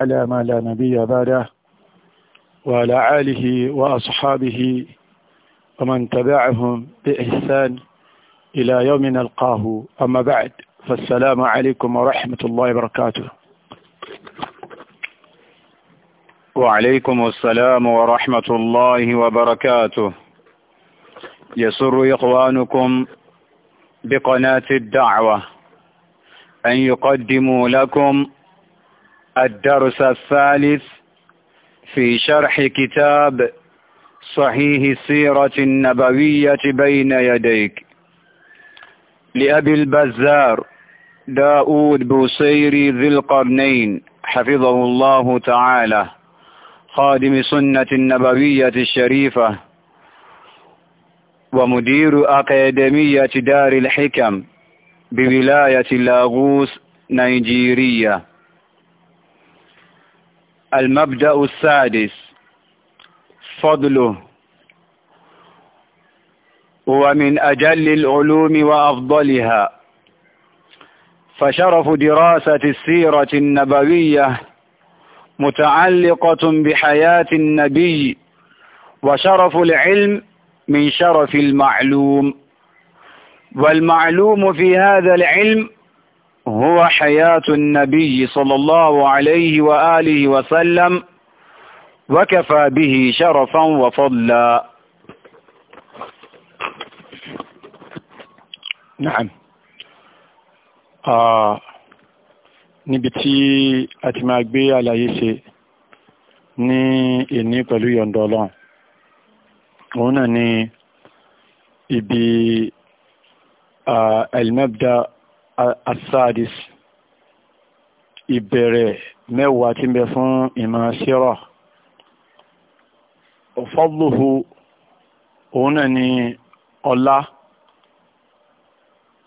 على ما لا نبي بعده وعلى آله وأصحابه ومن تبعهم بإحسان إلى يوم نلقاه أما بعد فالسلام عليكم ورحمة الله وبركاته وعليكم السلام ورحمة الله وبركاته يسر إخوانكم بقناة الدعوة أن يقدموا لكم الدرس الثالث في شرح كتاب صحيح السيرة النبوية بين يديك لأبي البزار داود بوصيري ذي القرنين حفظه الله تعالى خادم سنة النبوية الشريفة ومدير أكاديمية دار الحكم بولاية لاغوس نيجيريا المبدأ السادس فضله هو من أجل العلوم وأفضلها فشرف دراسة السيرة النبوية متعلقة بحياة النبي وشرف العلم من شرف المعلوم والمعلوم في هذا العلم هو حياة النبي صلى الله عليه وآله وسلم وكفى به شرفا وفضلا نعم آه níbi tí a ti máa gbé àlàyé ṣe ní ìní pẹ̀lú yọ̀ǹda ọlọ́run òun náà ni ibi al-mabda' asadis ìbẹ̀rẹ̀ mẹ́wàá tí ń bẹ fún ìmọ̀ síra ọ̀fọ́lùhù òun náà ni ọlá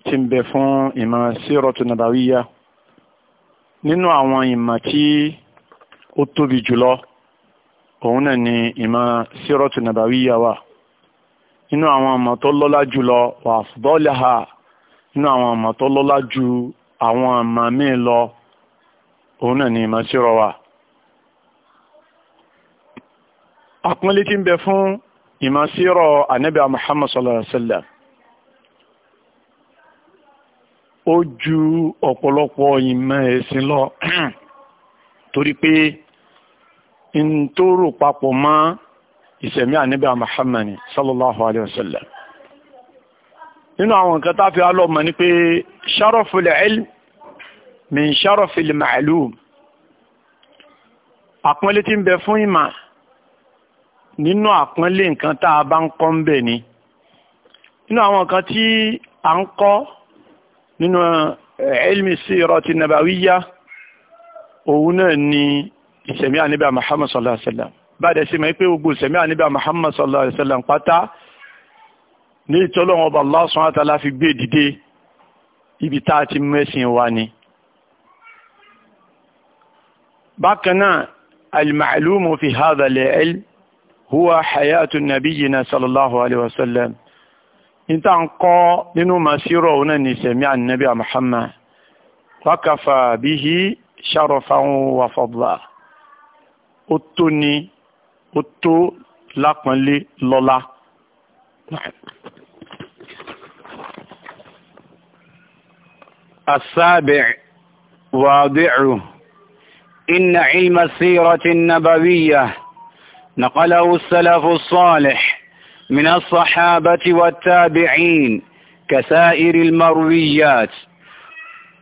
tí ń bẹ fún ìmọ̀ síra tó nàbàwíyá nínú àwọn ìmọ̀ tí ó tóbi jùlọ òun náà ni ìmọ̀ síra tó nàbàwíyá wà nínú àwọn ọmọ tó lọ́lá jùlọ wà fúbọ́ọ̀lì ha nínú àwọn ọmọ tó lọ́lá ju àwọn ọmọ míì lọ òun náà ni ìmọ̀ síra wa àpọ́nlé tí ń bẹ fún ìmọ̀ síra ànábì Muhammad sallallahu ó ju ọ̀pọ̀lọpọ̀ ìmọ̀ ẹ̀sìn lọ torí pé ń tó rò papọ̀ mọ́ sallallahu nínú àwọn nǹkan tá a fi alọ́mọ ni pé sharaful ilm min sharafil ma'lum àpọ́nlé tí ń bẹ fún ìmà nínú àpọ́nlé nǹkan tá a bá ń kọ́ ń bẹ̀ ni nínú àwọn nǹkan tí a ń kọ́ nínú eh, ilmi sirati nabawiyya òun náà ni ìṣẹ̀mí àníbà Muhammad sallallahu alaihi wasallam bá dẹ̀ sí ma pé gbogbo ìṣẹ̀mí àníbà Muhammad sallallahu alaihi wasallam pátá ní ìtọ́lọ́wọ́n ọba Allah subhanahu wa ta'ala fi gbé dìde ibi tá a ti mẹ́sìn wa ni bákan náà al-ma'lumu fi hadha al-ilm huwa hayatu nabiyina sallallahu alaihi wasallam inta n kọ́ nínú masiro wọn ni sami annabi a muhammad wakafa bihi sharafan wa fadla ó tó ní ó lọ́lá السابع واضعه إن علم السيرة النبوية نقله السلف الصالح من الصحابة والتابعين كسائر المرويات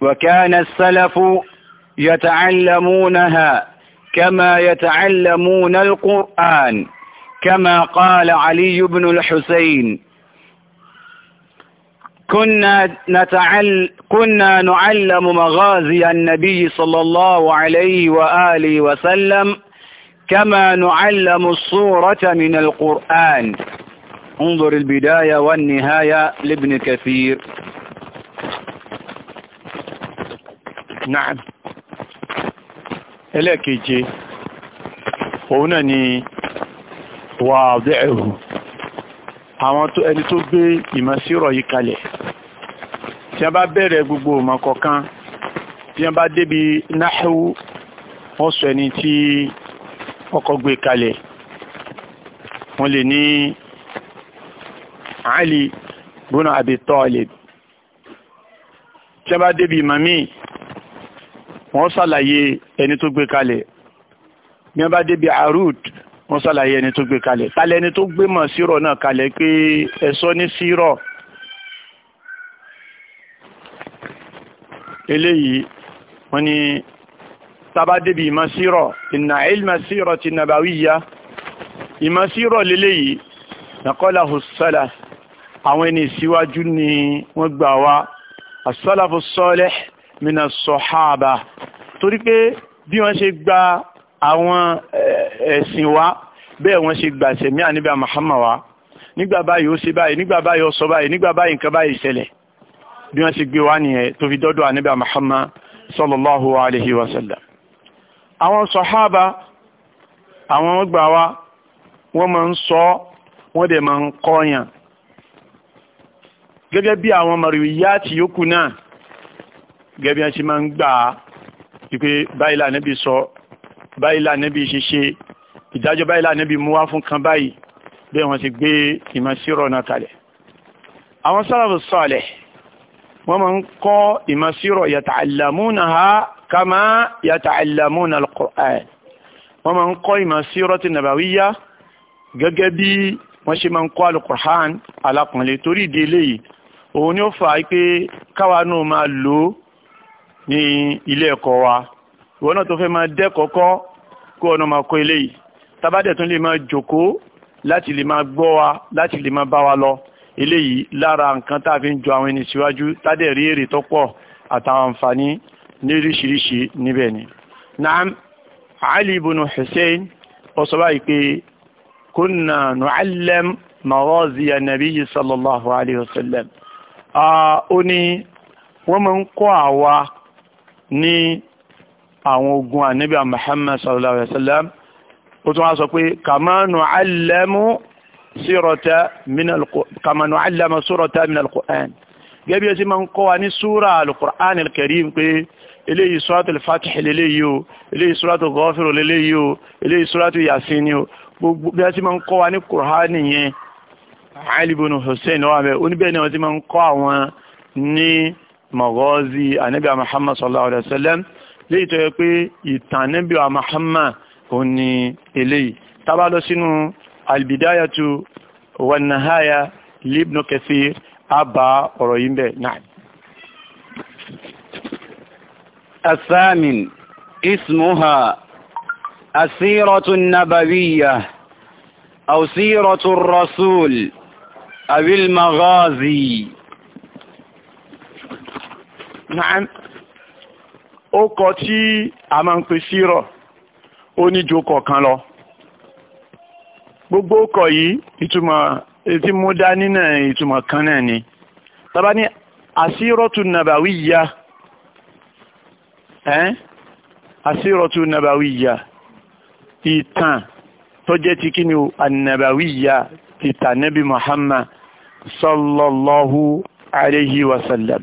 وكان السلف يتعلمونها كما يتعلمون القرآن كما قال علي بن الحسين كنا, نتعل كنا نعلم مغازي النبي صلى الله عليه وآله وسلم كما نعلم الصورة من القرآن انظر البداية والنهاية لابن كثير نعم إليك يجي هنا واضعه àwọn tó ẹni tó gbé ìmọ̀síọ̀rọ̀ yìí kalẹ̀ tí wọ́n bá bẹ̀rẹ̀ gbogbo ìmọ̀ kọ̀ọ̀kan tí wọ́n bá débi náhù wọ́n sọ ẹni tí ọkọ̀ gbé kalẹ̀ wọ́n lè ní Ali buna Abi Talib tí wọ́n bá débi ìmọ̀ míì wọ́n sàlàyé ẹni tó gbé kalẹ̀ bí wọ́n bá débi Arud wọ́n ṣàlàyé ẹni tó gbé kalẹ̀ kalẹ̀ ẹni tó gbé mọ̀ sírọ̀ náà kalẹ̀ pé ẹ̀sọ́ ní sírọ̀ eléyìí wọ́n ní tábà débi ìmọ̀ sírọ̀ ìnà ilmọ̀ sírọ̀ ti nàbàwíyá ìmọ̀ sírọ̀ leléyìí nàkọ́lá hùsọ́lá àwọn ẹni ìsíwájú ni wọ́n gbà wá asọ́láfù sọ́lẹ̀ mìnà sọ̀háàbà torí pé bí wọ́n ṣe gba àwọn ẹ̀ eh, ẹ̀sìn wa bẹ́ẹ̀ wọ́n ṣe gbà sẹ̀mí àníbà Muhammad wa nígbà báyìí ó ṣe báyìí nígbà báyìí ó sọ báyìí nígbà báyìí nǹkan báyìí ṣẹlẹ̀ bí wọ́n ṣe gbé wá nìyẹn tó fi dọ́dọ̀ àníbà Muhammad sallallahu alayhi wa sallam àwọn sọ̀hábà àwọn gbà wá wọ́n máa ń sọ wọ́n dẹ̀ máa ń kọ́yàn gẹ́gẹ́ bí àwọn mọ̀rìyá ti yókù náà gẹ́gẹ́ bí wọ́n ṣe máa ń gbà á wípé báyìí lànẹ́bí sọ báyìí lànẹ́bí ṣe ṣe ìdájọ́ báyìí la Ànábì mú wá fún kan báyìí bẹ́ẹ̀ wọ́n ti gbé ìmọ̀ sírọ̀ náà kalẹ̀ àwọn Salafus Salih wọ́n máa ń kọ́ ìmọ̀ sírọ̀ yata'allamunaha kama yata'allamuna al-Qur'an wọ́n máa ń kọ́ ìmọ̀ sírọ̀ ti nàbàwíyá gẹ́gẹ́ bí wọ́n ni ilé ẹ̀kọ́ wa ìwọ náà tó fẹ́ máa dẹ́kọ̀ọ́kọ́ kó ọ̀nà máa kọ́ eléyìí tabadẹ̀ tún lè máa jòkó láti lè máa gbọ́ wa láti lè máa bá wa lọ eléyìí lára nǹkan tá a fi ń jọ àwọn ẹni síwájú tádẹ̀ rí èrè tó pọ̀ àtàwọn àǹfààní ní níbẹ̀ ni. naam ali ibn hussein ó sọ báyìí pé kunna nu'allam mawaziya nabiyyi sallallahu alayhi wa sallam. ó ní wọ́n máa ń kọ́ àwa ní àwọn ogun ànábì muhammad sallallahu alayhi wa sallam ó tún wá sọ pé kàmánù alẹ́mú sírọ̀tà kàmánù alẹ́mú sírọ̀tà min al-Qur'an gẹ́gẹ́ bí ó sì máa ń kọ́ wa ní súra al-Qur'an al-Karim pé eléyìí suratul Fatih lélẹ́yìí o eléyìí suratul Ghafir lélẹ́yìí o eléyìí suratul Yasin ni o gbogbo bí ó sì máa ń kọ́ wa ní Qur'an nìyẹn Ali Hussein wà bẹ́ẹ̀ oníbẹ̀ wọ́n ti máa ń kọ́ àwọn ní maghazi Ànábì Muhammad sallallahu alaihi wasallam léyìí tó yẹ pé ìtàn Muhammad ó ní eléyìí tábà lọ sínú albidayatu wa nahaya libnu kathir a ọ̀rọ̀ yìí bẹ̀ náà. الثامن اسمها السيرة النبوية أو سيرة الرسول أو المغازي نعم ó kọ tí a máa ń pè sírọ̀ ó ní ju kọ̀ọ̀kan lọ gbogbo ọkọ̀ yìí ìtumọ̀ etí mú dání náà ìtumọ̀ kan náà ni tàbá ní àsírọ̀tù nàbàwíyà ẹ́n àsírọ̀tù nàbàwíyà ìtàn tó jẹ́ ti kí ni o ànàbàwíyà ìtàn nabi Muhammad sallallahu alayhi wa sallam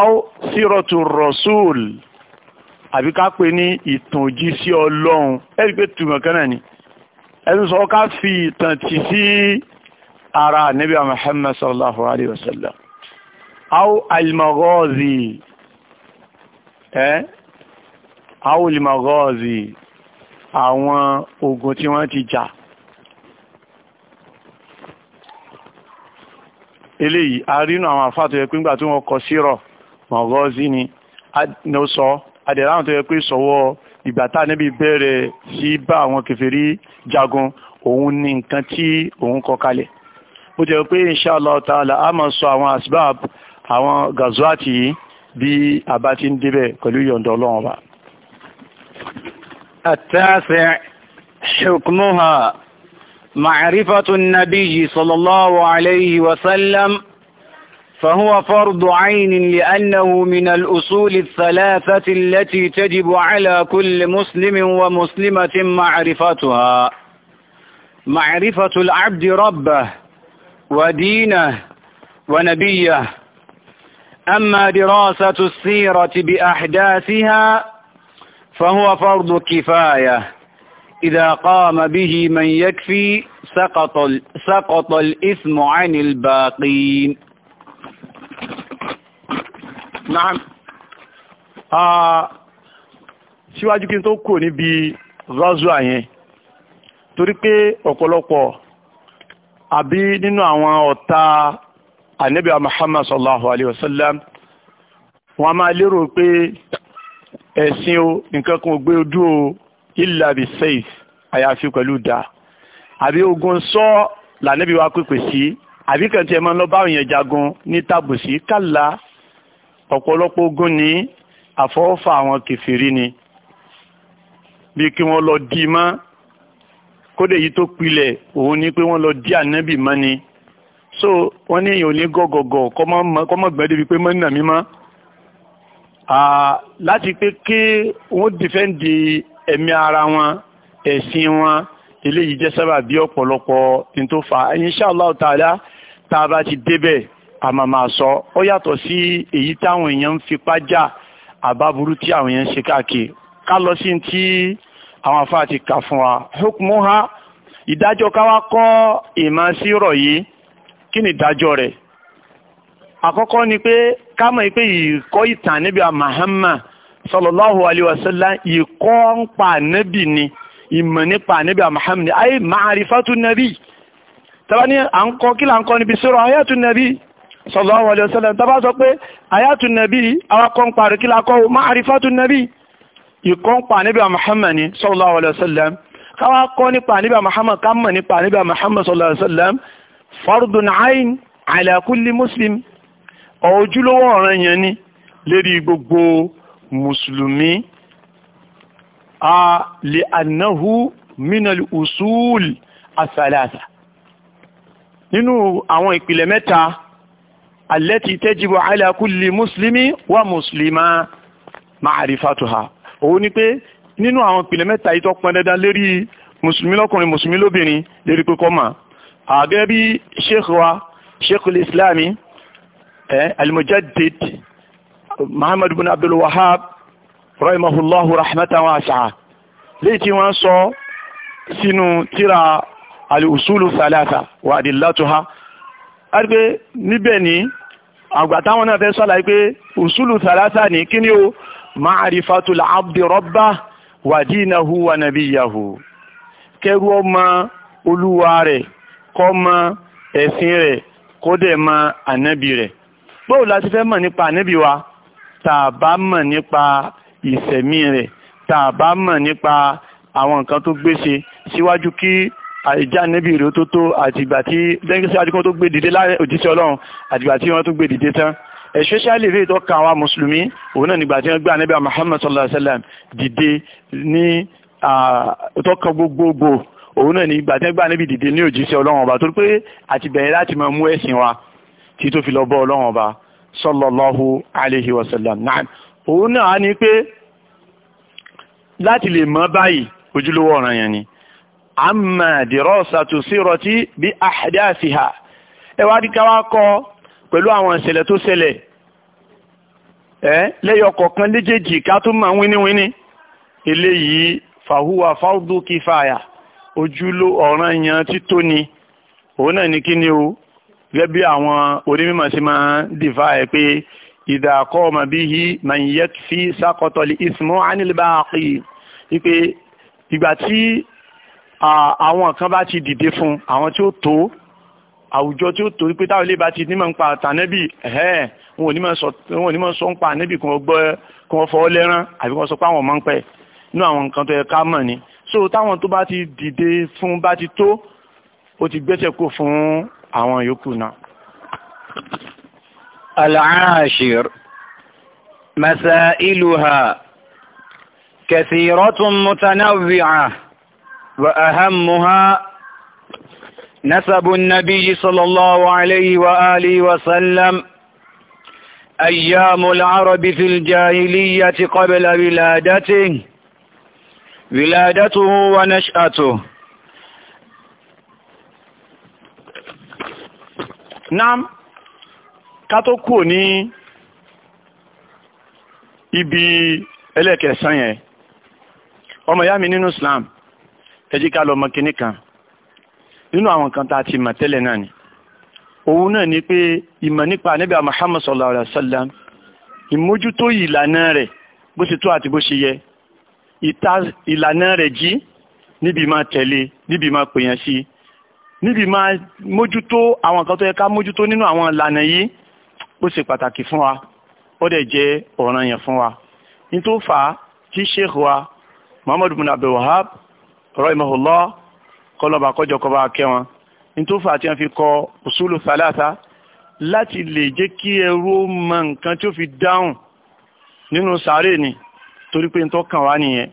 aw sírọ̀tù rasul àbí ká pè ní ìtànjí sí ọlọ́run ẹ̀rí pé túmọ̀ kan náà ni ẹni sọ ká fi ìtàntì sí ara nabi muhammad sallallahu alayhi wa sallam aw al-maghazi ẹ́ aw al-maghazi àwọn ogun tí wọ́n ti jà eléyìí arínú àwọn àfáàtò ẹ̀kú nígbà tí wọ́n kọ sírọ̀ maghazi ni ló sọ àdẹ̀rà tó yẹ pé sọ̀wọ́ ìgbà níbi bẹ̀rẹ̀ sí bá àwọn kèfèrí jagun òun ni nǹkan tí òun kọ kalẹ̀ bó jẹ́ pé insha a máa sọ àwọn asbab àwọn gazuati bí a ti ń débẹ̀ pẹ̀lú yọ̀ǹda ọlọ́run ọba. التاسع حكمها معرفة النبي صلى الله عليه وسلم فهو فرض عين لأنه من الأصول الثلاثة التي تجب على كل مسلم ومسلمة معرفتها معرفة العبد ربه ودينه ونبيه أما دراسة السيرة بأحداثها فهو فرض كفاية إذا قام به من يكفي سقط, سقط الإثم عن الباقين Naam. Ah, síwájú kí n tó kúrò níbi Zazua yẹn, torí pé ọ̀pọ̀lọpọ̀ àbí nínú àwọn ọ̀tá Ànábì Muhammad sallallahu alayhi wa sallam, wọ́n máa lérò pé o, nǹkan kan gbé ojú o, illa bi sayf, àyàfi pẹ̀lú dà. Àbí ogun sọ́ lànẹ́bí wa pèpè sí, àbí kàn tí ẹ máa ń lọ jagun ní tàbùsí kálá ọ̀pọ̀lọpọ̀ ogun ní àfọwọ́fà àwọn kẹfìrí ni bí kí wọ́n lọ dí i mọ́ kódé yìí tó pilẹ̀ òun ni pé wọ́n lọ dí ànábì mọ́ ni so wọ́n ní èèyàn ò ní gọ́gọ̀gọ̀ kọ́mọ́ gbẹ́ débi pé mọ́nà mi mọ́ láti pé kí wọ́n dìfẹ́ǹdì ẹ̀mí ara wọn ẹ̀sìn wọn eléyìí jẹ́ sábà bí ọ̀pọ̀lọpọ̀ ní tó fà á insha Allah ta'ala tá a bá ti débẹ̀ àmà máa sọ ó yàtọ̀ sí èyí táwọn èèyàn ń fipá já àbáburú tí àwọn èèyàn ń ṣe káàkiri ká lọ sí ti àwọn afá ti kà fún wa hukmuha ìdájọ́ ká kọ́ ìmọ̀ yìí kí ni ìdájọ́ rẹ̀ àkọ́kọ́ ni pé ká mọ̀ pé ìkọ́ ìtàn níbi Muhammad sallallahu alaihi wasallam ìkọ́ ń pa ànábì ni ìmọ̀ nípa ànábì Muhammad ayé ma'rifatu nabi tàbí à ń kọ́ kí là ń kọ́ níbi sọ̀rọ̀ ayatu nabi sallallahu alaihi wasallam tàbá sọ pé ayatun nabi awakọ̀ ń parí kí lákọ́ ma àrífàtun nabi ìkọ́ ń pa níbi Muhammad ni sallallahu alaihi wasallam káwá kọ́ nípa níbi Muhammad ká mọ̀ nípa níbi Muhammad sallallahu alaihi wasallam fardun ain ala kulli muslim ojúlówó ọ̀ràn yẹn ni lérí gbogbo nínú àwọn ìpìlẹ̀ mẹ́ta التي تجب على كل مسلم ومسلمة معرفتها òun ni pé nínú àwọn ìpìlẹ̀ mẹ́ta yìí tó pọn dandan lérí mùsùlùmí lọ́kùnrin mùsùlùmí lóbìnrin lérí pípọ́ mà àgẹ́ bí sheikh wa sheikh islami al-mujaddid muhammad bin abdul wahab rahimahullahu rahmatan wasi'a léyìí tí wọ́n sọ sínú tíra al-usulu wa adillatuha àrígbé níbẹ̀ ní àgbà táwọn náà fẹ́ sọ́la pé usulu thalatha ní kí ni o ma'rifatul abdi rabba wa dinahu wa nabiyahu kẹrù ọmọ olúwa rẹ̀ kó mọ ẹ̀sìn rẹ̀ kó dẹ̀ mọ ànábì rẹ̀ bóò láti fẹ́ mọ̀ nípa ànábì wa tá mọ̀ nípa ìsẹ̀mí rẹ̀ tá mọ̀ nípa àwọn nǹkan tó gbéṣe síwájú kí àìjá níbi ìró tó tó àtìgbà tí lẹ́yìn sí adìkọ́ tó gbé dìde láyé òjíṣẹ́ ọlọ́run àtìgbà tí wọ́n tó gbé dìde tán especially ilé ìtọ́ka àwọn mùsùlùmí òun náà nígbà wọ́n gbé ànábì Muhammad sallallahu alayhi wa sallam dìde ní ìtọ́ka gbogbogbò òun náà nígbà tí wọ́n gbé ànábì dìde ní òjíṣẹ́ ọlọ́run ọba torí pé àti bẹ̀rẹ̀ sallallahu alayhi wa sallam náà òun náà á ní pé láti lè amma dirasatu sirati bi ahdathiha ẹwádìí ká wá kọ́ pẹ̀lú àwọn ìṣẹ̀lẹ̀ tó ṣẹlẹ̀ ẹ́ lẹ́yọ kọ̀ọ̀kan léjèèjì ká tún máa wíníwíní eléyìí fahuwa fardu kifaya ojúló ọ̀ràn yan tító ni òun náà ní kí ni o gẹ́gẹ́ bí àwọn onímọ̀ sí máa ń dìfà ẹ̀ pé idha qama bihi man yakfi saqata al-ismu 'anil baqi àwọn kan bá ti dìde fún àwọn tí ó tó àwùjọ tí ó torí pé táwọn ilé bá ti nímọ̀ ń pa tànẹ́bì ẹ̀hẹ́ wọn ò ní mọ̀ sọ ń pa ànẹ́bì kí wọ́n gbọ́ kí wọ́n fọwọ́ lẹ́rán àbí wọ́n sọ pé àwọn máa ń pẹ́ inú àwọn nǹkan tó yẹ ká mọ̀ ni so táwọn tó bá ti dìde fún bá ti tó ó ti gbẹ́sẹ̀ kó fún àwọn yòókù náà. al-ashir masailuha kathiratun mutanawwi'ah وأهمها نسب النبي صلى الله عليه وآله وسلم أيام العرب في الجاهلية قبل ولادته ولادته ونشأته نعم كاتوكو ني ibi ẹlẹ́kẹ̀ẹ́sán yẹn ọmọ ìyá mi nínú Islam ẹ jẹ́ ká lọ mọ kinní kan nínú àwọn kan tá a ti mọ̀ tẹ́lẹ̀ náà ni òun náà ni pé ìmọ̀ nípa ànábì Muhammad sallallahu alaihi wasallam ìmójútó ìlànà rẹ̀ bó ṣe tó àti bó ṣe yẹ ìta ìlànà rẹ̀ jí níbi máa tẹ̀lé níbi máa pèèyàn sí níbi máa mójútó àwọn kan tó yẹ ká mójútó nínú àwọn ìlànà yìí ó ṣe pàtàkì fún wa ó dẹ̀ jẹ́ ọ̀ranyàn fún wa ní fà á tí sheikh wa Muhammad bin Abdul Wahab rahimahullah kọlọ́ba kọjọ kọba akẹ́wọn nítòfà tí wọ́n fi kọ usulu thalatha láti lè jẹ́ kí ẹrú mọ nǹkan tí ó fi dáhùn nínú sàárè ni torí pé tó kàn wá nìyẹn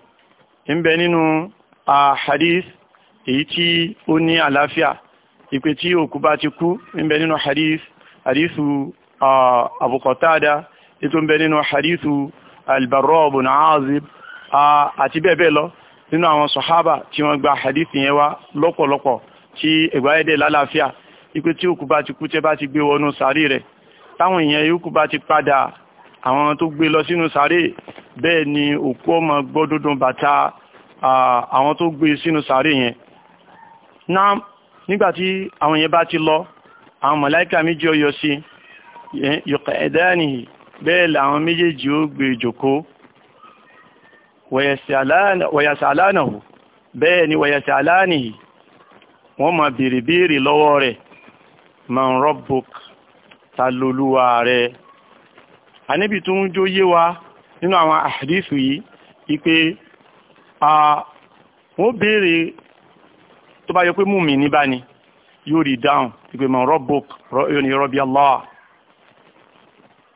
ń bẹ nínú hadith èyí tí ó ní àlàáfíà ìpè tí òkú bá ti kú ń bẹ nínú hadith hadithu Abu Qatada ètò ń bẹ nínú hadithu al-Barra ibn Azib àti bẹ́ẹ̀ bẹ́ẹ̀ lọ nínú àwọn sọ̀hábà tí wọ́n gba hadith yẹn wá lọ́pọ̀lọpọ̀ tí ẹgbàáyédè lálàáfíà ipé tí òkú bá ti kú tẹ́ bá ti gbé wọnú sàárì rẹ̀ táwọn èèyàn yòókù bá ti padà àwọn tó gbé lọ sínú sàárì bẹ́ẹ̀ ni òkú ọmọ gbọ́dúndún bàtà àwọn tó gbé sínú sàárì yẹn náà nígbàtí àwọn yẹn bá ti lọ àwọn mọ̀láìkà méjì ọyọ sí yọ̀kẹ̀ẹ́dẹ́ni bẹ́ẹ̀ làwọn méjèèjì ó gbé ìjòkó e wọ̀yàṣàlánàhù bẹ́ẹ̀ ni wọ̀yàṣàlánìhì wọ́n ma bèèrè bèèrè lọ́wọ́ rẹ̀ man rabbuk ta lolúwa rẹ̀ anábì tó ń jó yé wa nínú àwọn àdísù yìí ipé wọ́n bèèrè tó bá yọ pé múmi ní bá ni yóò rí dáhùn ipé man rabbuk yóò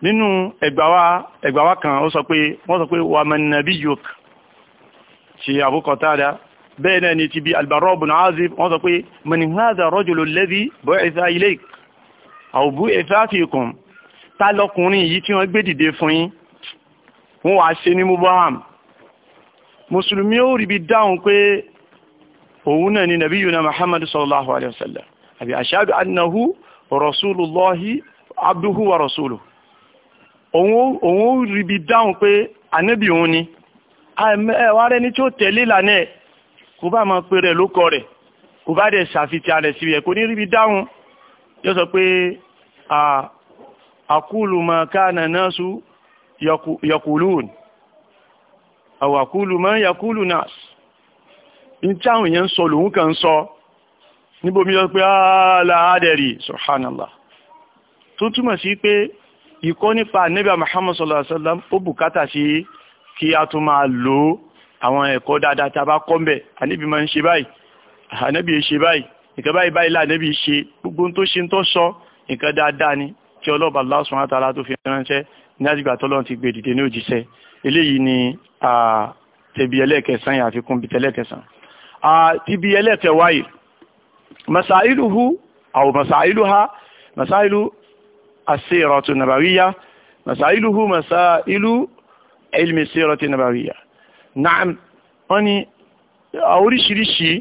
nínú ẹgbàwá kan wọ́n sọ pé wọ́n sọ pé wa man nabiyyuk ti Abu Qatada bẹ́ẹ̀ náà ni ti bí Al-Barra ibn Azib wọ́n sọ pé man hadha ar-rajulu alladhi bu'itha ilayk aw bu'itha fikum ta lọkùnrin yìí tí wọ́n gbé dìde fún yín wọ́n wàá ṣe ní mubaham mùsùlùmí ó rí bí dáhùn pé òun náà ni nabiyuna Muhammad sallallahu alayhi wa àbí ashadu annahu rasulullahi abduhu wa rasuluhu òun ó rí bí dáhùn pé ànábì òun ni ẹwà rẹ ní tí ó tẹ̀lé ìlànà ẹ̀ kò bá máa pe rẹ̀ lókọ rẹ̀ kò bá dẹ̀ ṣàfihàn rẹ̀ síbi ẹ̀ kò ní ríbi dáhùn yóò sọ pé àkúlù máa ká nàná sú yọkùlùún àwọn àkúlù máa yọkùlù náà ní tí àwọn èèyàn sọ lòun kan sọ níbomi yọ pé aláàdẹ̀rì subhanallah tó túmọ̀ sí pé ìkọ́ nípa nẹ́bà Muhammad ó bùkátà sí kí a tún máa lo àwọn ẹ̀kọ́ dáadáa tá a bá kọ́ mbẹ̀ ànábì máa ń ṣe báyìí ànábì ṣe báyìí nǹkan báyìí báyìí là ànábì ṣe gbogbo tó ṣe tó sọ nǹkan dáadáa ni tí ọlọ́ọ̀bà Allah subhanahu wa ta'ala tó fi ránṣẹ́ ní àdìgbà tọ́lọ́run ti gbé dìde ní òjíṣẹ́ eléyìí ni tẹ̀bi ẹlẹ́ẹ̀kẹsàn yà àfikún bí tẹ̀lẹ́ẹ̀kẹsàn tẹ̀bi ẹlẹ́ẹ̀kẹwàá yìí masailuhu àwọn masailuha masailu asèrọ̀tù nàbàríyá masailuhu masailu ilmi sirati nabawiyya na'am wọ́n ní oríṣiríṣi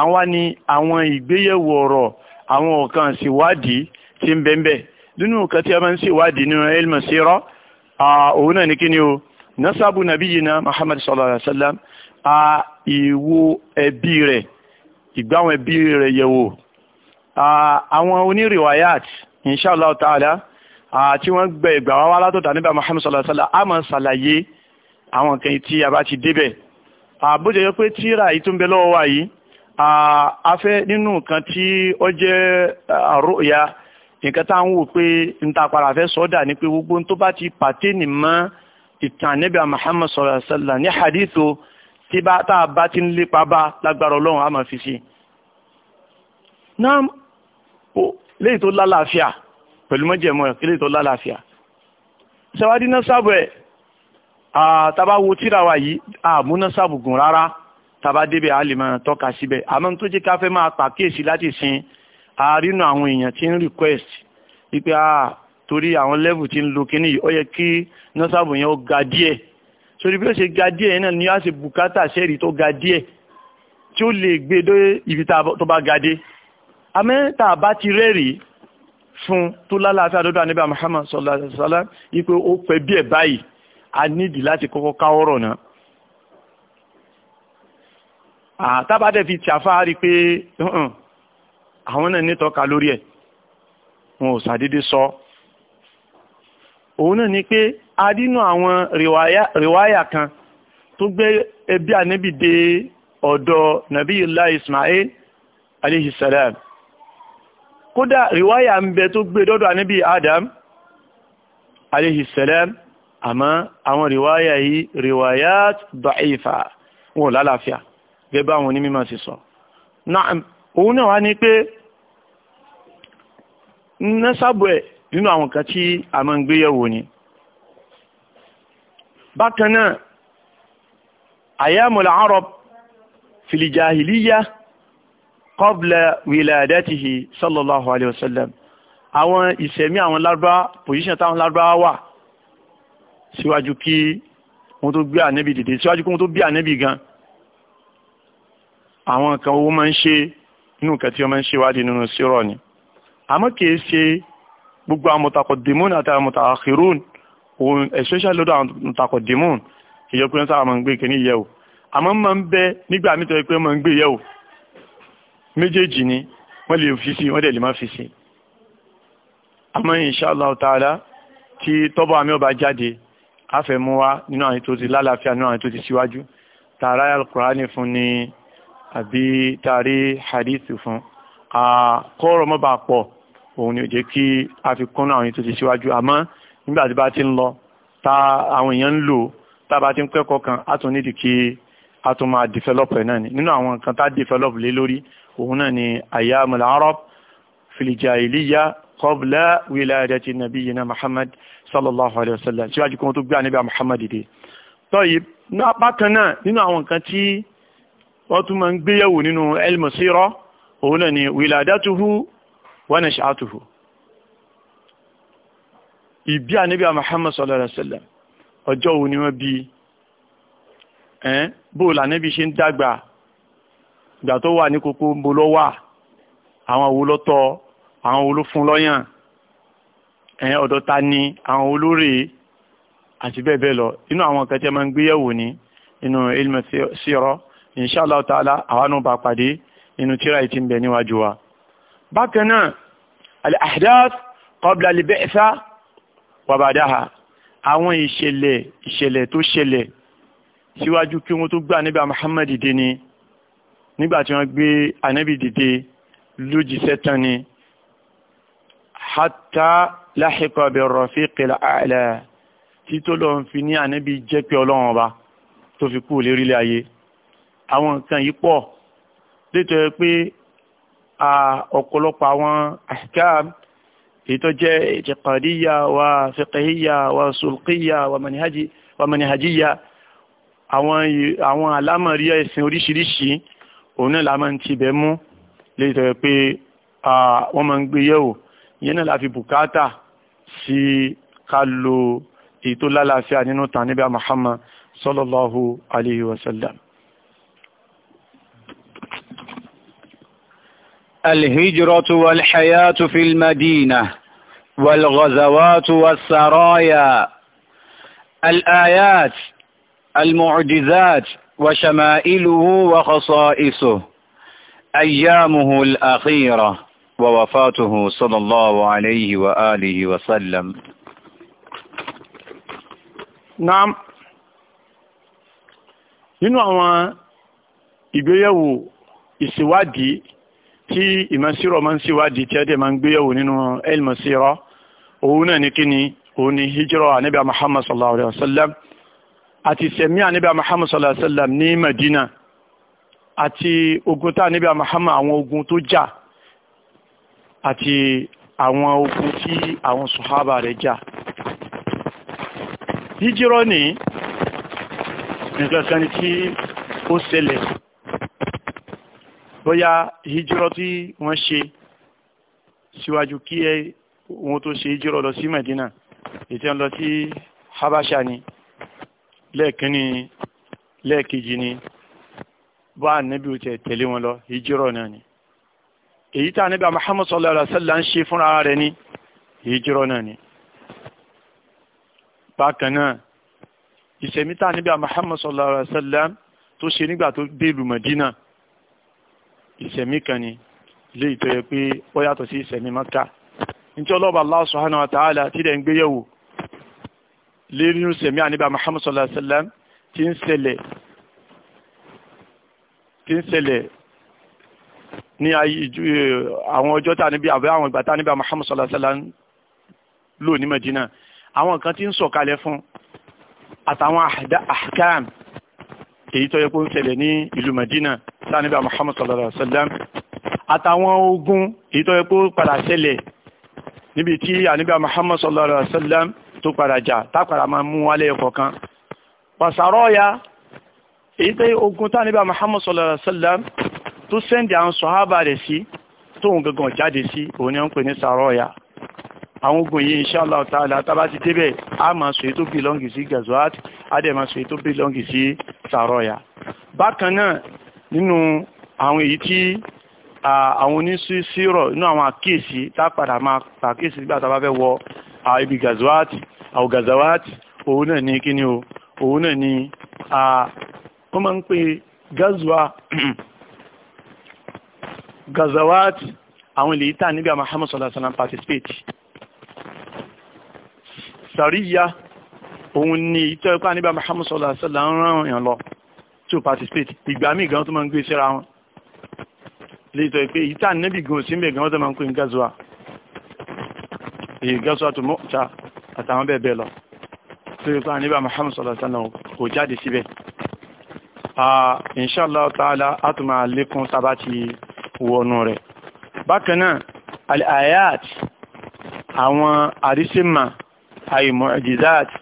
àwọn ni àwọn ìgbéyẹ̀wò ọ̀rọ̀ àwọn ọ̀kan síwádìí ti ń bẹ́ẹ̀ nínú nǹkan tí a máa ń síwádìí nínú ilmi sira òun náà ní kí o nasabu nabiyina muhammad sallallahu alaihi wasallam a ìwo ẹbí rẹ̀ ìgbáwọn yewo, a yẹ̀wò àwọn onírìwáyàt inshallah ta'ala tí wọ́n gbẹ ìgbà wá wá látọ̀dá níbà Muhammad sallallahu alaihi wasallam a máa ṣàlàyé àwọn nǹkan tí a bá ti débẹ̀ àbójọ yẹ pé tíra yìí tó ń bẹ lọ́wọ́ wa yìí a fẹ́ nínú nǹkan tí ó jẹ́ àròyà nǹkan tá ń wò pé n ta para fẹ́ sọ́dà ni pé gbogbo tó bá ti pàtẹ́nì mọ́ ìtàn níbà Muhammad sallallahu ní hadithu tí tá a bá ti ń lépa bá lágbára ọlọ́run a máa fi sí. náà léyìí tó lálàáfíà pẹ̀lú mọ́jẹ̀mọ́ ìpínlẹ̀ tó lálàáfíà ṣẹwádí náà sábọ̀ ẹ̀ tàbá wo tíra wa yìí àmú náà sábùgùn rárá tàbá débẹ̀ a lè máa tọ́ka síbẹ̀ àmọ́ tó jẹ́ káfẹ́ máa pàkíyèsí láti sin àárínú àwọn èèyàn tí ń request wípé a torí àwọn level tí ń lo kíní ó yẹ kí náà sábù yẹn ó ga díẹ̀ sórí bí ó ṣe ga díẹ̀ náà ni a ṣe bùkátà sẹ́ẹ̀rì tó ga díẹ̀ tí ó lè gbé dé ibi tó bá ga dé àmọ́ bá ti rẹ́rìí fún tó lálàáfíà dọ́dọ̀ àníbà Muhammad sallallahu alaihi wasallam ipe ó pẹ́ bí ẹ̀ báyìí a nídìí láti kọ́kọ́ ká ọ̀rọ̀ náà àtàbádẹ́ fi tí àfáà rí pé àwọn náà nítọ́ka lórí ẹ̀ wọn ò sàdédé sọ òun náà ni pé a dínú àwọn rìwáyà kan tó gbé ẹbí ànábì dé ọ̀dọ̀ nàbí ilá Ismail alayhi salam kódà ríwáyà ń bẹ tó gbé dọ́dọ̀ ànábì adam aléhìsẹ̀lẹ́m àmọ́ àwọn ríwáyà yìí ríwáyà dọ̀ífà wọn lálàáfíà gẹ́gbà wọn ní mímọ̀ sí sọ òun náà wá ní pé nẹ́sàbọ̀ ẹ̀ kọ́bla wiladatihi sallallahu alayhi wa sallam àwọn ìṣẹ̀mí àwọn lábá pòsíṣàn táwọn lábá wà síwájú kí wọ́n tó gbé ànẹ́bì dìde síwájú kí wọ́n tó bí ànẹ́bì gan àwọn nǹkan owó máa ń ṣe inú nǹkan tí wọ́n máa ń ṣèwádìí nínú sírọ̀ ni àmọ́ kìí ṣe gbogbo àwọn mutaqaddimun àti àwọn mutaakhirun òun especially lọ́dọ̀ àwọn mutaqaddimun ìyẹ́pẹ́ sáà máa ń gbé kíní yẹ̀wò àmọ́ máa ń bẹ nígbà mítọ̀ pé máa ń gbé yẹ̀wò méjèèjì ni wọ́n lè fi sí wọ́n dẹ̀ lè má fi sí àmọ́ inshallah ta'ala tí tọ́bọ̀ àmì ọba jáde afẹ́mú wá nínú àwọn tó ti lálàáfíà nínú àwọn tó ti síwájú tààrá alkùránì fún ni àbí tààrí hadith fún àkọ́rọ̀ mọ́bà pọ̀ òun ni ó jẹ́ kí a fi kún àwọn tó ti síwájú àmọ́ nígbà bá ti ń lọ ta àwọn èèyàn ń lò tá ń kẹ́kọ̀ọ́ kan á nídìí kí a tún máa develop ẹ̀ náà ni nínú àwọn nǹkan tá develop lé lórí òun náà ni ayyamul arab fil jahiliya qabla wiladati nabiyyina muhammad sallallahu alayhi wa sallam síwájú kan tó gbé ànábì muhammad dé tọ́yì bákan náà nínú àwọn nǹkan tí wọ́n tún máa ń gbéyẹ̀wò nínú ilmu òun náà ni wiladatuhu wa nash'atuhu ìbí ànábì muhammad sallallahu alayhi wa ọjọ́ wo ni wọ́n bí ẹ́n bóòlù ànábì ṣe ń dàgbà ìgbà tó wà ní kókó ń bo lọ wà àwọn wo ló tọ́ àwọn wo ló fún lọ́yàn ẹ́n ọ̀dọ̀ ta ni àwọn olórí àti bẹ́ẹ̀ bẹ́ẹ̀ lọ inú àwọn kẹtẹ́ máa ń gbéyẹ̀wò ní inú ilmu sírọ́ inshallah ta'ala àwọn náà bá pàdé inú tíra ìtì ń bẹ níwájú wa bákan náà al-ahdath qabla al-bi'tha àwọn ìṣẹ̀lẹ̀ ìṣẹ̀lẹ̀ tó ṣẹlẹ̀ síwájú kí wọ́n tó gbé ànábì Muhammad dìde ni nígbà tí wọ́n gbé ànábì dìde lójíṣẹ́ tán ni hatta lahiqa bir-rafiqil a'la tí tó lọ ń fi ní ànábì jẹ́ pé ọlọ́run ọba tó fi kú lérílẹ̀ ayé àwọn nǹkan yìí pọ̀ létọ́ pé ọ̀pọ̀lọpọ̀ àwọn ahkam èyí tó jẹ́ i'tiqadiyya wa fiqhiyya wa sulqiyya wa manhajiyya àwọn àwọn àlámọ̀rí ẹ̀sìn oríṣiríṣi òun náà la máa ń tibẹ̀ mú léyìí pé wọ́n máa ń gbé yẹ̀wò ìyẹn náà la fi bùkátà sí ká lo èyí lálàáfíà nínú tàn níbi Muhammad sallallahu alayhi الهجرة والحياة في المدينة والغزوات والسرايا الآيات المعجزات وشمائله وخصائصه أيامه الأخيرة ووفاته صلى الله عليه وآله وسلم نعم nínú àwọn ìgbéyẹ̀wò ìṣèwádìí tí ìmọ̀síro máa ń ṣèwádìí tí ẹ̀dẹ̀ máa ń gbéyẹ̀wò nínú elmọ̀síro òun náà ní kíni òun ni hijira anabi muhammad sallallahu alaihi wasallam àti ìsẹ̀mí àníbà Muhammad sallallahu alaihi wasallam ní Madina àti ogun tá àníbà Muhammad àwọn ogun tó jà àti àwọn ogun tí àwọn sùhábà rẹ̀ jà jíjírọ́ ní nìkankan tí ó ṣẹlẹ̀ bóyá hijírọ́ tí wọ́n ṣe síwájú kí ẹ tó ṣe hijírọ́ lọ sí Medina ìtẹ́ lọ sí Habasha ni lẹ́ẹ̀kínní lẹ́ẹ̀kejì ni bá ànábì òtẹ̀ tẹ̀lé wọn lọ hijirọ̀ náà ni èyí tá ànábì Muhammad sallallahu alaihi wasallam ń ṣe fúnra rẹ̀ ní hijirọ̀ náà ni bákan náà ìṣẹ̀mí tá ànábì Muhammad sallallahu alaihi wasallam tó ṣe nígbà tó dé ìlú Mẹdínà ìṣẹ̀mí kan ni léyìí tó yẹ pé ó yàtọ̀ sí ìṣẹ̀mí Mákà nítorí ọlọ́ba Allah subhanahu wa tí dẹ̀ ń gbéyẹ̀wò lérí sẹ̀mí àníbà Muhammad sallallahu alaihi wasallam tí ń ṣẹlẹ̀ tí ń ṣẹlẹ̀ ní eh, àwọn ọjọ́ tá níbi àbẹ́ àwọn ìgbà tá níbi Muhammad sallallahu alaihi wasallam lò ní Medina àwọn nǹkan tí ń sọ̀kalẹ̀ fún àtàwọn ahkam èyí tó yẹ kó ń ṣẹlẹ̀ ní ìlú Medina tá níbi Muhammad àtàwọn ogun èyí tó yẹ kó padà ṣẹlẹ̀ níbi tí àníbà Muhammad sallallahu tó padà jà tápàdà máa mú wálé ẹ̀kọ̀ kan pàṣàrọ̀ ya èyí tẹ́ ogun tánibà Muhammad sallallahu alaihi wasallam tó sẹ́ndì àwọn sọ̀hábà rẹ̀ sí tóun gangan jáde sí òun ni wọ́n pè ní sàrọ̀ ya àwọn ogun yìí inshallah ta'ala tàbá ti débẹ̀ a ma sọ èyí tó bílọ́ngì sí gazuat a dẹ̀ ma sọ èyí tó bílọ́ngì sí saroya bákan náà nínú àwọn èyí tí àwọn onísírọ̀ inú àwọn àkíyèsí tá padà ma pàkíyèsí nígbà tàbá fẹ́ wọ ibi gazuwaati au gazuwaati òun náà ní kíni o òun náà ní wọ́n máa ń pè gazuwa gazuwaati àwọn ilé ìta níbi Muhammad sallallahu participate sàríyá òun ni ìtọ́ ipá níbi Muhammad sallallahu alaihi wasallam ń rán èèyàn participate ìgbà míì gan tó máa ń gbé síra wọn lè tọ́ ìpé ìta níbi gan sí mẹ́gan tó máa ń pè ní gazuwa ìgẹ́sọ́tù mọ́ta àtàwọn bẹ́ẹ̀ bẹ́ẹ̀ lọ tí ó pàá níbà Muhammad sọ̀lọ̀sánà kò jáde síbẹ̀ inṣàlá ta'ala átùmà lékún sábà ti wọnú rẹ̀ bákanáà al-ayat àwọn àrísímà àìmọ̀ ẹ̀dìzáàtì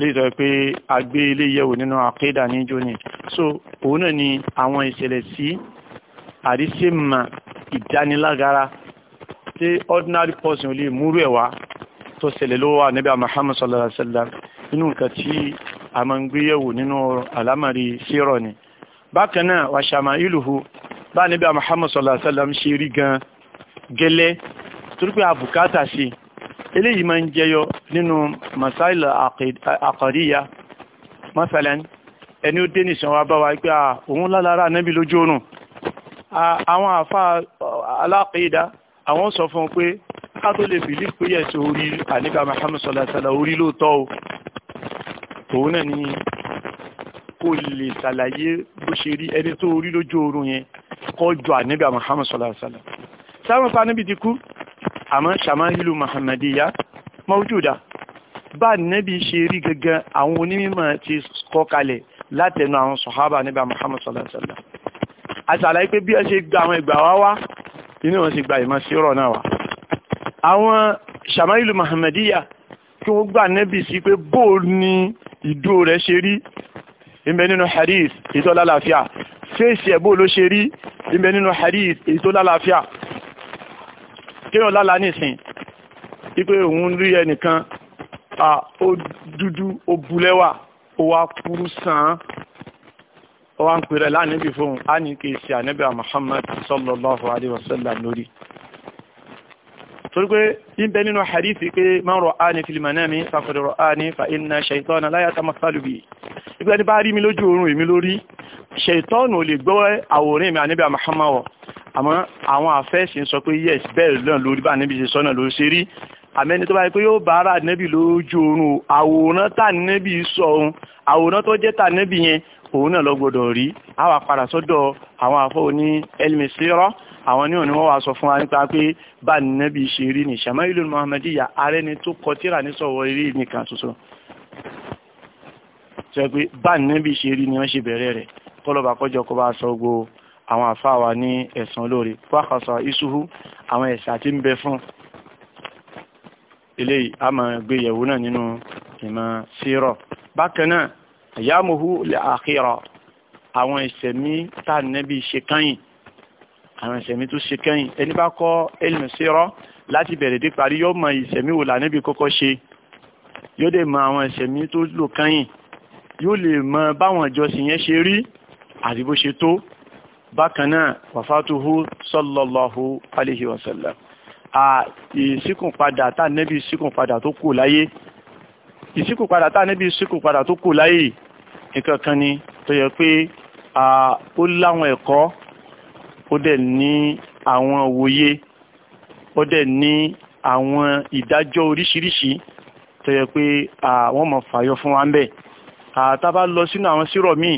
léèdọ̀ pé agbé ilé yẹ̀wò nínú àkídà ní jóni so òun náà ni àwọn ìṣẹ̀lẹ̀ sí àrísímà ìdánilágara tí ordinary person lè múrú ẹ̀ wá tó ṣẹlẹ̀ ló níbi Muhammad sallallahu alaihi wasallam nínú nǹkan tí a máa ń gbéyẹ̀wò nínú alámàrí sírọ̀ ni bákan wà ṣàmà ìlúhu bá níbi Muhammad sallallahu alaihi wasallam ṣe rí gan gẹ́lẹ́ torí pé àbùkátà sí eléyìí máa ń jẹyọ nínú masáìlì àkọ̀ríyà masalan ẹni ó dé nìṣàn wa bá wa pé òun lálára anábì lójú oorun àwọn àfa alákìídá àwọn sọ fún un pé ká tó lè bìlí pé ẹ̀sẹ̀ orí àníbà Muhammad sallallahu alaihi wasallam orí lóòótọ́ o tòun náà ni kò lè ṣàlàyé bó ṣe rí ẹni tó orí lójú oorun yẹn kọ́ jọ àníbà Muhammad sallallahu alaihi wasallam sáwọn pa níbi ti kú àmọ́ ṣàmáhìlú Muhammadiya mawjuda bá nẹ́bí ṣe rí gangan àwọn onímọ̀ ti kọ́ kalẹ̀ látẹnu àwọn sọ̀hábà níbà Muhammad sallallahu alaihi pé bí ẹ ṣe gba àwọn ìgbà wá wá inú wọn sì gba ìmọ̀ sí ọ̀rọ̀ náà wá àwọn sàmáìlú mahamadiya kí wọ́n gbà nẹ́bì sí pé bóòlù ni ìdó rẹ̀ ṣe rí ìbẹ̀ nínú hadith ìtọ́lálàáfíà fèsì ẹ̀bó ló ṣe rí ìbẹ̀ nínú hadith ìtọ́lálàáfíà kíyàn lálàá nìsìn ipé òun rí ẹnìkan ó dúdú ó bulẹ́wà ó wá kúrú sàn án wọ́n ń pèrè lánàbí fún a ní kí ṣe ànábì Muhammad sallallahu alaihi wasallam lórí torí pé in bẹ nínú hadithi pé man ra'ani fil manami faqad ra'ani fa inna shaytana la yatamathalu bi ìgbẹ́ àmẹ́ni tó bá yẹ yóò bá ara lójú oorun àwòrán tà ànábì sọ ohun àwòrán tó jẹ́ tà ànábì yẹn òun náà lọ gbọdọ̀ rí a wà padà sọ́dọ̀ àwọn àfọ́ ní elmisirọ́ àwọn ní òní wọ́n wá sọ fún wa nípa pé bá nẹ́bí ṣe rí ní Shama'ilul ya ààrẹ ni tó kọ tíra ní sọ̀wọ́ rí nìkan ṣoṣo sọ pé bá nẹ́bí ṣe rí ni wọ́n ṣe bẹ̀rẹ̀ rẹ̀ kọlọ́bà kọjọ kọ bá sọ gbogbo àwọn àfáà wa ní ẹ̀sán lórí wákàsọ isuhu àwọn ẹ̀sà tí ń bẹ fún eléyìí a máa gbéyẹ̀wò náà nínú ìmọ̀ sírọ̀ bákan náà àyàmùhù lè àkírọ̀ àwọn ìṣẹ̀mí tá nẹ́bí ṣe kẹ́yìn àwọn ìṣẹ̀mí tó ṣe kẹ́yìn ẹni bá kọ́ ilmu sírọ́ láti bẹ̀rẹ̀ dé parí yóò mọ ìṣẹ̀mí wò lànẹ́bí kọ́kọ́ ṣe yóò dẹ̀ mọ àwọn ìṣẹ̀mí tó lò kẹ́yìn yóò lè mọ báwọn ìjọsìn yẹn ṣe rí àti bó ṣe tó bákan náà wàfátúhù sallallahu alaihi wasallam ìsíkùn padà tá nẹ́bí ìsíkùn padà tó kù láyé ìsìnkú padà tá níbi ìsìnkú padà tó kù láyé nǹkan kan ni tó yẹ pé ó láwọn ẹ̀kọ́ ó dẹ̀ ní àwọn òye ó dẹ̀ ní àwọn ìdájọ́ oríṣiríṣi tó yẹ pé wọ́n mọ̀ fàyọ fún wa ń bẹ̀ àtàbá lọ sínú àwọn sírọ̀ míì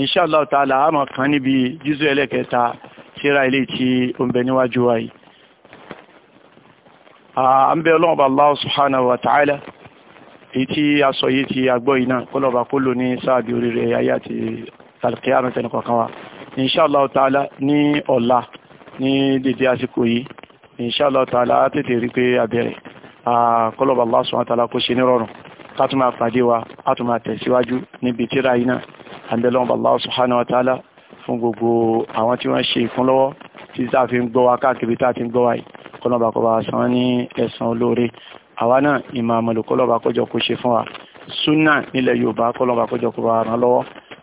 inṣàlá ta'ala a máa kàn níbi jízú ẹlẹ́kẹta síra ilé tí ó ń bẹ níwájú wa yìí ọlọ́run bá Allah subhanahu wa ta'ala èyí tí a sọ yìí tí a gbọ́ yìí náà kọ́lọ̀bà kó lò ní sáàbí oríire ayé àti tàlùkì àrùn tẹnu wa inshallah ta'ala ní ọ̀la ní dédé àsìkò yìí inshallah ta'ala tètè rí pé abẹ́rẹ́ kọ́lọ̀bà Allah subhanahu wa ta'ala kó ṣe nírọ̀rùn kátùmá pàdé wa kátùmá tẹ̀síwájú níbi tíra Allah subhanahu ta'ala fún gbogbo àwọn tí wọ́n ṣe ìkúnlọ́wọ́ tí tá a fi ń gbọ́ wa ní àwa náà ìmọ̀ àmọ̀lò kọ́lọ́ba kọjọ kó ṣe fún wa súnà nílẹ̀ yorùbá kọ́lọ́ba kọjọ kó wa ràn lọ́wọ́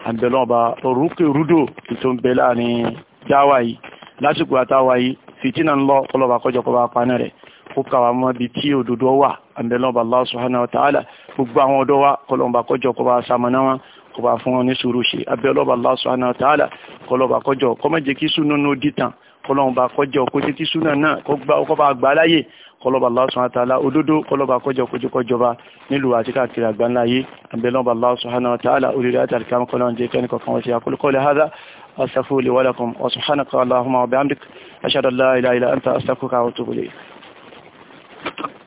àbẹ̀lọ́ba orúkè rúdò tó ń bẹ láàrin dáwà yìí lásìkò àtàwà yìí fìtínà ń lọ kọ́lọ́ba kọjọ kó wa paná rẹ̀ kó kàwá mọ́ ibi tí òdodo wà àbẹ̀lọ́ba Allah subhanahu wa kọlọ́run bá kọjẹ́ òkójé tí súnà náà kọ́ bá gbà láyè kọlọ́ba Allah subhanahu wa ta'ala òdodo kọlọ́ba kọjẹ́ òkójé kọjọba nílùú àti káàkiri àgbáńláyé àbẹ̀lọ́ba Allah subhanahu wa ta'ala olùdarí àtàrí kàmú kọlọ́run jẹ́ kẹ́ni kọ̀ọ̀kan wọ́n ti aqulu qawli hadha astaghfiru li